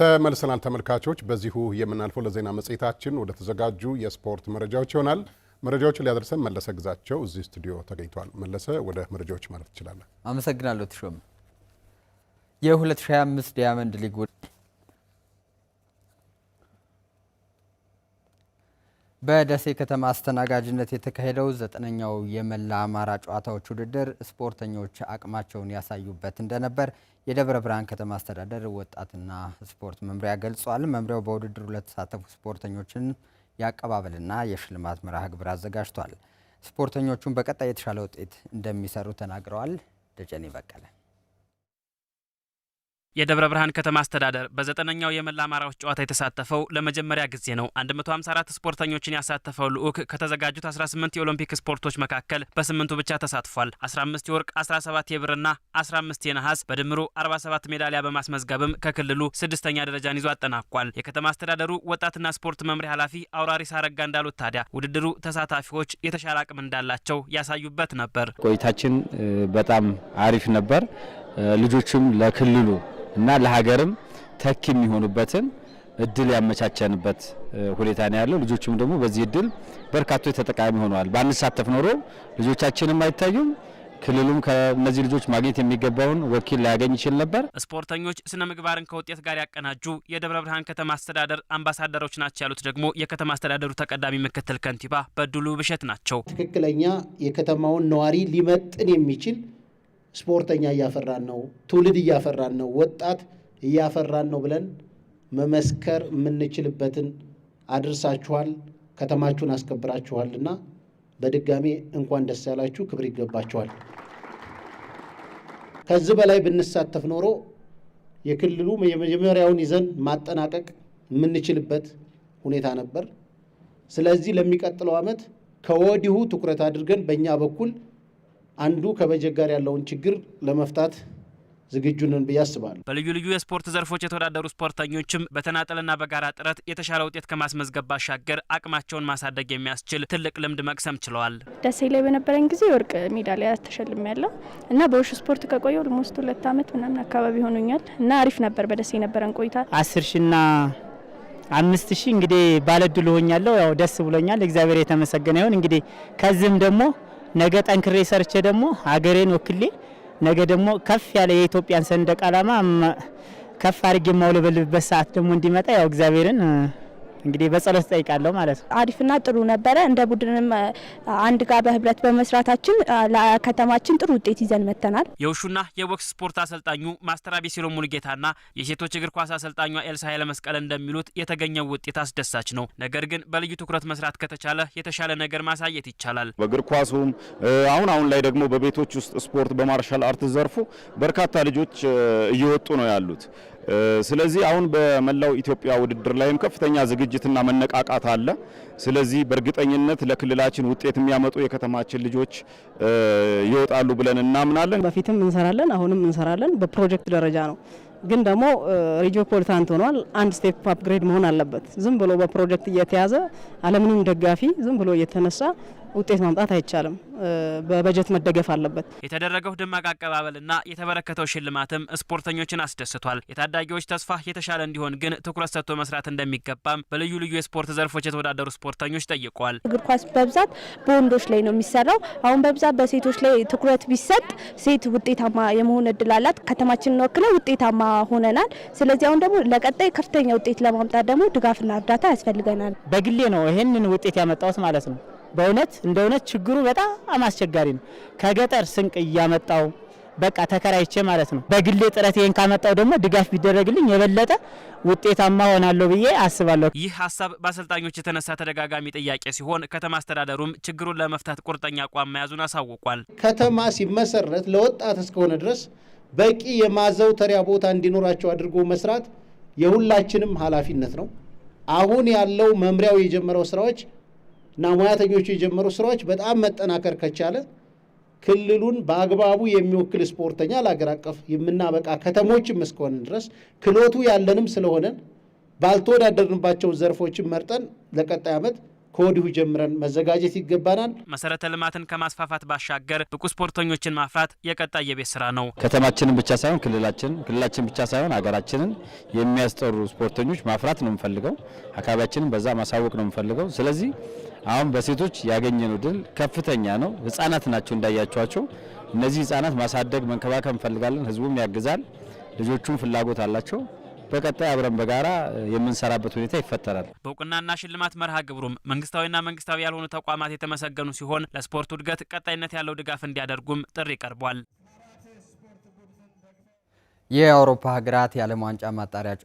ተመልሰናል ተመልካቾች። በዚሁ የምናልፈው ለዜና መጽሔታችን ወደ ተዘጋጁ የስፖርት መረጃዎች ይሆናል። መረጃዎችን ሊያደርሰን መለሰ ግዛቸው እዚህ ስቱዲዮ ተገኝቷል። መለሰ፣ ወደ መረጃዎች ማለት ትችላለን። አመሰግናለሁ ትሾም። የ2025 ዲያመንድ ሊግ በደሴ ከተማ አስተናጋጅነት የተካሄደው ዘጠነኛው የመላ አማራ ጨዋታዎች ውድድር ስፖርተኞች አቅማቸውን ያሳዩበት እንደነበር የደብረ ብርሃን ከተማ አስተዳደር ወጣትና ስፖርት መምሪያ ገልጿል። መምሪያው በውድድሩ ለተሳተፉ ስፖርተኞችን የአቀባበልና የሽልማት መርሃ ግብር አዘጋጅቷል። ስፖርተኞቹን በቀጣይ የተሻለ ውጤት እንደሚሰሩ ተናግረዋል። ደጀኔ በቀለ የደብረ ብርሃን ከተማ አስተዳደር በዘጠነኛው የመላ አማራዎች ጨዋታ የተሳተፈው ለመጀመሪያ ጊዜ ነው። 154 ስፖርተኞችን ያሳተፈው ልዑክ ከተዘጋጁት 18 የኦሎምፒክ ስፖርቶች መካከል በስምንቱ ብቻ ተሳትፏል። 15 የወርቅ፣ 17 የብርና 15 የነሐስ በድምሩ 47 ሜዳሊያ በማስመዝገብም ከክልሉ ስድስተኛ ደረጃን ይዞ አጠናቋል። የከተማ አስተዳደሩ ወጣትና ስፖርት መምሪያ ኃላፊ አውራሪስ አረጋ እንዳሉት ታዲያ ውድድሩ ተሳታፊዎች የተሻለ አቅም እንዳላቸው ያሳዩበት ነበር። ቆይታችን በጣም አሪፍ ነበር። ልጆችም ለክልሉ እና ለሀገርም ተኪ የሚሆኑበትን እድል ያመቻቸንበት ሁኔታ ነው ያለው። ልጆቹም ደግሞ በዚህ እድል በርካቶች ተጠቃሚ ሆነዋል። ባንሳተፍ ኖሮ ልጆቻችንም አይታዩም። ክልሉም ከእነዚህ ልጆች ማግኘት የሚገባውን ወኪል ላያገኝ ይችል ነበር። ስፖርተኞች ስነ ምግባርን ከውጤት ጋር ያቀናጁ የደብረ ብርሃን ከተማ አስተዳደር አምባሳደሮች ናቸው ያሉት ደግሞ የከተማ አስተዳደሩ ተቀዳሚ ምክትል ከንቲባ በድሉ ብሸት ናቸው። ትክክለኛ የከተማውን ነዋሪ ሊመጥን የሚችል ስፖርተኛ እያፈራን ነው፣ ትውልድ እያፈራን ነው፣ ወጣት እያፈራን ነው ብለን መመስከር የምንችልበትን አድርሳችኋል። ከተማችሁን አስከብራችኋልና በድጋሚ እንኳን ደስ ያላችሁ። ክብር ይገባችኋል። ከዚህ በላይ ብንሳተፍ ኖሮ የክልሉ የመጀመሪያውን ይዘን ማጠናቀቅ የምንችልበት ሁኔታ ነበር። ስለዚህ ለሚቀጥለው ዓመት ከወዲሁ ትኩረት አድርገን በእኛ በኩል አንዱ ከበጀት ጋር ያለውን ችግር ለመፍታት ዝግጁ ብዬ አስባለሁ። በልዩ ልዩ የስፖርት ዘርፎች የተወዳደሩ ስፖርተኞችም በተናጠልና በጋራ ጥረት የተሻለ ውጤት ከማስመዝገብ ባሻገር አቅማቸውን ማሳደግ የሚያስችል ትልቅ ልምድ መቅሰም ችለዋል። ደሴ ላይ በነበረን ጊዜ የወርቅ ሜዳሊያ ተሸልሜ ያለው እና በውሹ ስፖርት ከቆየ ልሞስት ሁለት አመት ምናምን አካባቢ ሆኖኛል እና አሪፍ ነበር። በደሴ የነበረን ቆይታ አስር ሺና አምስት ሺህ እንግዲህ ባለድል ሆኛለሁ። ያው ደስ ብሎኛል። እግዚአብሔር የተመሰገነ ይሁን። እንግዲህ ከዚህም ደግሞ ነገ ጠንክሬ ሰርቼ ደግሞ ሀገሬን ወክሌ ነገ ደግሞ ከፍ ያለ የኢትዮጵያን ሰንደቅ ዓላማ ከፍ አድርጌ የማውለበልብበት ሰዓት ደግሞ እንዲመጣ ያው እግዚአብሔርን እንግዲህ በጸሎት ጠይቃለሁ ማለት ነው። አሪፍና ጥሩ ነበረ። እንደ ቡድንም አንድ ጋር በህብረት በመስራታችን ለከተማችን ጥሩ ውጤት ይዘን መጥተናል። የውሹና የቦክስ ስፖርት አሰልጣኙ ማስተር አቤሲሎ ሙሉጌታና የሴቶች እግር ኳስ አሰልጣኟ ኤልሳ ኃይለ መስቀል እንደሚሉት የተገኘው ውጤት አስደሳች ነው። ነገር ግን በልዩ ትኩረት መስራት ከተቻለ የተሻለ ነገር ማሳየት ይቻላል። በእግር ኳሱም አሁን አሁን ላይ ደግሞ በቤቶች ውስጥ ስፖርት በማርሻል አርት ዘርፉ በርካታ ልጆች እየወጡ ነው ያሉት። ስለዚህ አሁን በመላው ኢትዮጵያ ውድድር ላይም ከፍተኛ ዝግጅትና መነቃቃት አለ። ስለዚህ በእርግጠኝነት ለክልላችን ውጤት የሚያመጡ የከተማችን ልጆች ይወጣሉ ብለን እናምናለን። በፊትም እንሰራለን፣ አሁንም እንሰራለን። በፕሮጀክት ደረጃ ነው ግን ደግሞ ሬጂዮ ሆኗል። አንድ ስቴፕ አፕግሬድ መሆን አለበት። ዝም ብሎ በፕሮጀክት እየተያዘ አለምንም ደጋፊ ዝም ብሎ እየተነሳ ውጤት ማምጣት አይቻልም። በበጀት መደገፍ አለበት። የተደረገው ደማቅ አቀባበልና የተበረከተው ሽልማትም ስፖርተኞችን አስደስቷል። የታዳጊዎች ተስፋ የተሻለ እንዲሆን ግን ትኩረት ሰጥቶ መስራት እንደሚገባም በልዩ ልዩ የስፖርት ዘርፎች የተወዳደሩ ስፖርተኞች ጠይቋል። እግር ኳስ በብዛት በወንዶች ላይ ነው የሚሰራው። አሁን በብዛት በሴቶች ላይ ትኩረት ቢሰጥ ሴት ውጤታማ የመሆን እድል አላት። ከተማችንን ውጤታማ ሆነናል። ስለዚህ አሁን ደግሞ ለቀጣይ ከፍተኛ ውጤት ለማምጣት ደግሞ ድጋፍና እርዳታ ያስፈልገናል። በግሌ ነው ይህንን ውጤት ያመጣሁት ማለት ነው በእውነት እንደ እውነት ችግሩ በጣም አስቸጋሪ ነው። ከገጠር ስንቅ እያመጣው በቃ ተከራይቼ ማለት ነው። በግሌ ጥረት ይህን ካመጣው ደግሞ ድጋፍ ቢደረግልኝ የበለጠ ውጤታማ ሆናለሁ ብዬ አስባለሁ። ይህ ሀሳብ በአሰልጣኞች የተነሳ ተደጋጋሚ ጥያቄ ሲሆን ከተማ አስተዳደሩም ችግሩን ለመፍታት ቁርጠኛ አቋም መያዙን አሳውቋል። ከተማ ሲመሰረት ለወጣት እስከሆነ ድረስ በቂ የማዘውተሪያ ቦታ እንዲኖራቸው አድርጎ መስራት የሁላችንም ኃላፊነት ነው። አሁን ያለው መምሪያው የጀመረው ስራዎች እና ሙያተኞቹ የጀመሩ ስራዎች በጣም መጠናከር ከቻለ ክልሉን በአግባቡ የሚወክል ስፖርተኛ ለአገር አቀፍ የምናበቃ ከተሞችም እስከሆነ ድረስ ክሎቱ ያለንም ስለሆነ ባልተወዳደርንባቸው ዘርፎችን መርጠን ለቀጣይ ዓመት ከወዲሁ ጀምረን መዘጋጀት ይገባናል። መሰረተ ልማትን ከማስፋፋት ባሻገር ብቁ ስፖርተኞችን ማፍራት የቀጣይ የቤት ስራ ነው። ከተማችንን ብቻ ሳይሆን ክልላችን ክልላችን ብቻ ሳይሆን ሀገራችንን የሚያስጠሩ ስፖርተኞች ማፍራት ነው የምፈልገው። አካባቢያችንን በዛ ማሳወቅ ነው የምፈልገው። ስለዚህ አሁን በሴቶች ያገኘነው ድል ከፍተኛ ነው። ህጻናት ናቸው እንዳያቸዋቸው። እነዚህ ህጻናት ማሳደግ መንከባከብ እንፈልጋለን። ህዝቡም ያግዛል፣ ልጆቹም ፍላጎት አላቸው። በቀጣይ አብረን በጋራ የምንሰራበት ሁኔታ ይፈጠራል። በእውቅናና ሽልማት መርሃ ግብሩም መንግስታዊና መንግስታዊ ያልሆኑ ተቋማት የተመሰገኑ ሲሆን ለስፖርቱ እድገት ቀጣይነት ያለው ድጋፍ እንዲያደርጉም ጥሪ ቀርቧል። የአውሮፓ ሀገራት የዓለም ዋንጫ ማጣሪያ